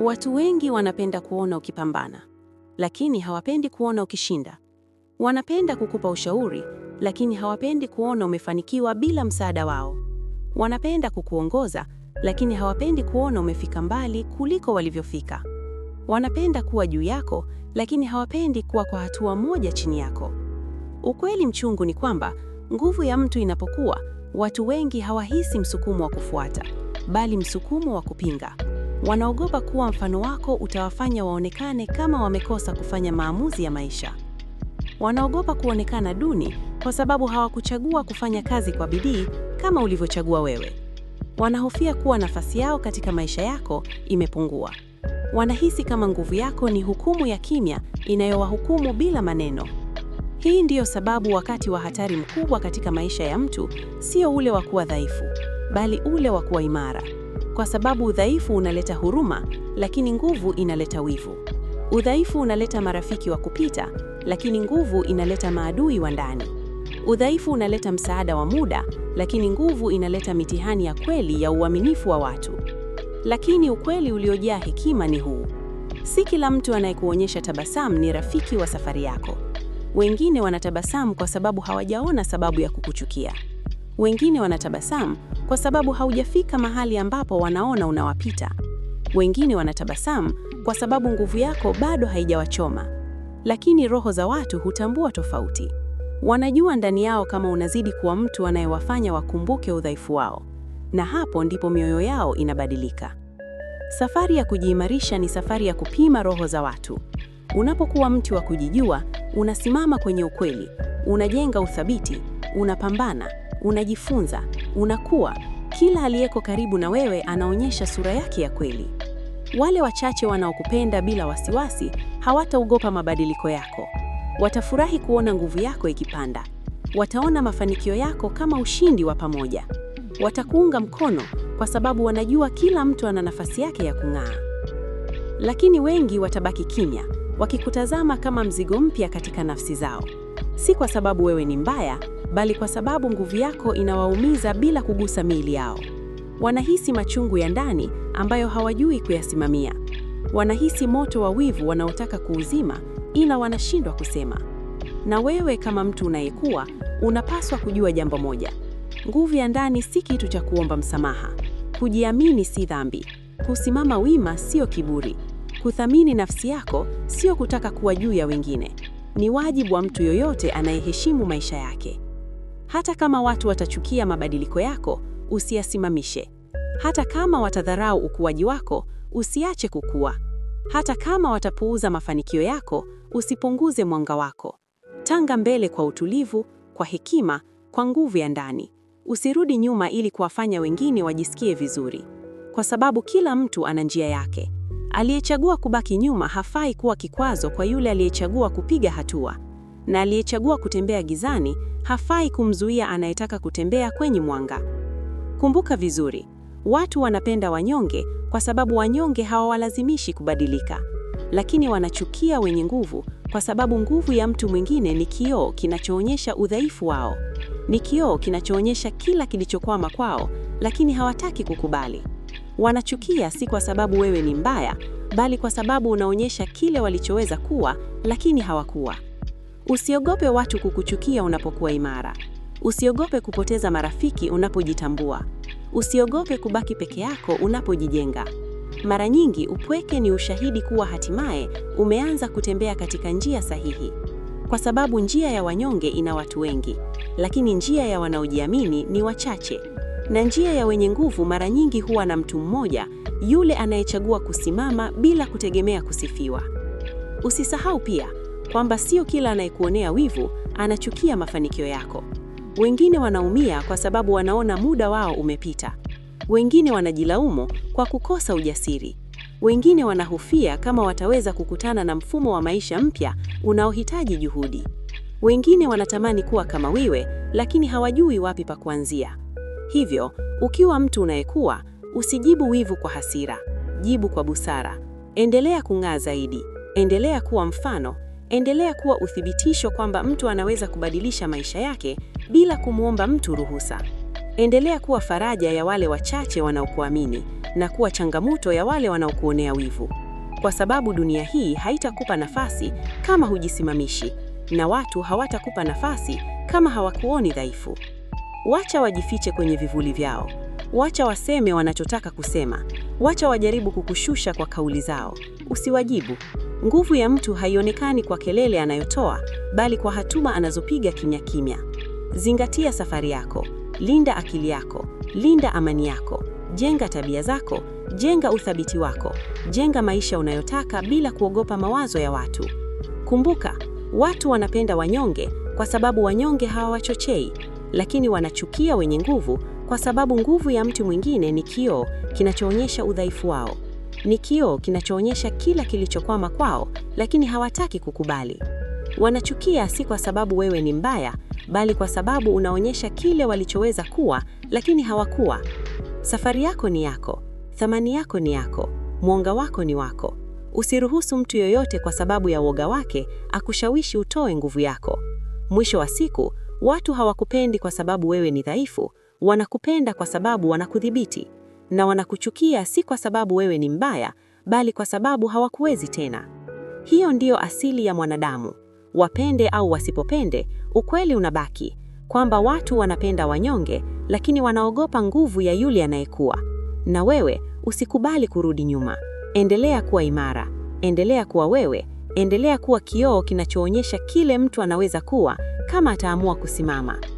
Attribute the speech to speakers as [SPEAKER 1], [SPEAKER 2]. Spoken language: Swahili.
[SPEAKER 1] Watu wengi wanapenda kuona ukipambana, lakini hawapendi kuona ukishinda. Wanapenda kukupa ushauri, lakini hawapendi kuona umefanikiwa bila msaada wao. Wanapenda kukuongoza, lakini hawapendi kuona umefika mbali kuliko walivyofika. Wanapenda kuwa juu yako, lakini hawapendi kuwa kwa hatua moja chini yako. Ukweli mchungu ni kwamba nguvu ya mtu inapokuwa, watu wengi hawahisi msukumo wa kufuata, bali msukumo wa kupinga. Wanaogopa kuwa mfano wako utawafanya waonekane kama wamekosa kufanya maamuzi ya maisha. Wanaogopa kuonekana duni kwa sababu hawakuchagua kufanya kazi kwa bidii kama ulivyochagua wewe. Wanahofia kuwa nafasi yao katika maisha yako imepungua. Wanahisi kama nguvu yako ni hukumu ya kimya inayowahukumu bila maneno. Hii ndiyo sababu wakati wa hatari mkubwa katika maisha ya mtu sio ule wa kuwa dhaifu, bali ule wa kuwa imara kwa sababu udhaifu unaleta huruma, lakini nguvu inaleta wivu. Udhaifu unaleta marafiki wa kupita, lakini nguvu inaleta maadui wa ndani. Udhaifu unaleta msaada wa muda, lakini nguvu inaleta mitihani ya kweli ya uaminifu wa watu. Lakini ukweli uliojaa hekima ni huu: si kila mtu anayekuonyesha tabasamu ni rafiki wa safari yako. Wengine wanatabasamu kwa sababu hawajaona sababu ya kukuchukia. Wengine wanatabasamu kwa sababu haujafika mahali ambapo wanaona unawapita. Wengine wanatabasamu kwa sababu nguvu yako bado haijawachoma. Lakini roho za watu hutambua tofauti. Wanajua ndani yao kama unazidi kuwa mtu anayewafanya wakumbuke udhaifu wao, na hapo ndipo mioyo yao inabadilika. Safari ya kujiimarisha ni safari ya kupima roho za watu. Unapokuwa mtu wa kujijua, unasimama kwenye ukweli, unajenga uthabiti, unapambana unajifunza, unakuwa. Kila aliyeko karibu na wewe anaonyesha sura yake ya kweli. Wale wachache wanaokupenda bila wasiwasi hawataogopa mabadiliko yako. Watafurahi kuona nguvu yako ikipanda. Wataona mafanikio yako kama ushindi wa pamoja. Watakuunga mkono kwa sababu wanajua kila mtu ana nafasi yake ya kung'aa. Lakini wengi watabaki kimya, wakikutazama kama mzigo mpya katika nafsi zao. Si kwa sababu wewe ni mbaya, bali kwa sababu nguvu yako inawaumiza bila kugusa miili yao. Wanahisi machungu ya ndani ambayo hawajui kuyasimamia. Wanahisi moto wa wivu wanaotaka kuuzima, ila wanashindwa kusema. Na wewe kama mtu unayekuwa unapaswa kujua jambo moja: nguvu ya ndani si kitu cha kuomba msamaha. Kujiamini si dhambi. Kusimama wima sio kiburi. Kuthamini nafsi yako sio kutaka kuwa juu ya wengine. Ni wajibu wa mtu yoyote anayeheshimu maisha yake. Hata kama watu watachukia mabadiliko yako, usiyasimamishe. Hata kama watadharau ukuaji wako, usiache kukua. Hata kama watapuuza mafanikio yako, usipunguze mwanga wako. Tanga mbele kwa utulivu, kwa hekima, kwa nguvu ya ndani. Usirudi nyuma ili kuwafanya wengine wajisikie vizuri, kwa sababu kila mtu ana njia yake. Aliyechagua kubaki nyuma hafai kuwa kikwazo kwa yule aliyechagua kupiga hatua na aliyechagua kutembea gizani hafai kumzuia anayetaka kutembea kwenye mwanga. Kumbuka vizuri, watu wanapenda wanyonge kwa sababu wanyonge hawawalazimishi kubadilika, lakini wanachukia wenye nguvu kwa sababu nguvu ya mtu mwingine ni kioo kinachoonyesha udhaifu wao, ni kioo kinachoonyesha kila kilichokwama kwao, lakini hawataki kukubali. Wanachukia si kwa sababu wewe ni mbaya, bali kwa sababu unaonyesha kile walichoweza kuwa, lakini hawakuwa. Usiogope watu kukuchukia unapokuwa imara. Usiogope kupoteza marafiki unapojitambua. Usiogope kubaki peke yako unapojijenga. Mara nyingi upweke ni ushahidi kuwa hatimaye umeanza kutembea katika njia sahihi. Kwa sababu njia ya wanyonge ina watu wengi, lakini njia ya wanaojiamini ni wachache. Na njia ya wenye nguvu mara nyingi huwa na mtu mmoja, yule anayechagua kusimama bila kutegemea kusifiwa. Usisahau pia kwamba sio kila anayekuonea wivu anachukia mafanikio yako. Wengine wanaumia kwa sababu wanaona muda wao umepita. Wengine wanajilaumu kwa kukosa ujasiri. Wengine wanahofia kama wataweza kukutana na mfumo wa maisha mpya unaohitaji juhudi. Wengine wanatamani kuwa kama wewe, lakini hawajui wapi pa kuanzia. Hivyo, ukiwa mtu unayekuwa usijibu wivu kwa hasira, jibu kwa busara. Endelea kung'aa zaidi, endelea kuwa mfano, endelea kuwa uthibitisho kwamba mtu anaweza kubadilisha maisha yake bila kumwomba mtu ruhusa. Endelea kuwa faraja ya wale wachache wanaokuamini na kuwa changamoto ya wale wanaokuonea wivu, kwa sababu dunia hii haitakupa nafasi kama hujisimamishi, na watu hawatakupa nafasi kama hawakuoni dhaifu. Wacha wajifiche kwenye vivuli vyao, wacha waseme wanachotaka kusema, wacha wajaribu kukushusha kwa kauli zao, usiwajibu. Nguvu ya mtu haionekani kwa kelele anayotoa, bali kwa hatua anazopiga kimya kimya. Zingatia safari yako, linda akili yako, linda amani yako, jenga tabia zako, jenga uthabiti wako, jenga maisha unayotaka bila kuogopa mawazo ya watu. Kumbuka, watu wanapenda wanyonge kwa sababu wanyonge hawawachochei, lakini wanachukia wenye nguvu kwa sababu nguvu ya mtu mwingine ni kioo kinachoonyesha udhaifu wao. Ni kioo kinachoonyesha kila kilichokwama kwao, lakini hawataki kukubali. Wanachukia si kwa sababu wewe ni mbaya, bali kwa sababu unaonyesha kile walichoweza kuwa, lakini hawakuwa. Safari yako ni yako, thamani yako ni yako, mwonga wako ni wako. Usiruhusu mtu yoyote kwa sababu ya woga wake akushawishi utoe nguvu yako. Mwisho wa siku, watu hawakupendi kwa sababu wewe ni dhaifu, wanakupenda kwa sababu wanakudhibiti na wanakuchukia si kwa sababu wewe ni mbaya, bali kwa sababu hawakuwezi tena. Hiyo ndiyo asili ya mwanadamu. Wapende au wasipopende, ukweli unabaki kwamba watu wanapenda wanyonge, lakini wanaogopa nguvu ya yule anayekuwa. Na wewe usikubali kurudi nyuma. Endelea kuwa imara, endelea kuwa wewe, endelea kuwa kioo kinachoonyesha kile mtu anaweza kuwa kama ataamua kusimama.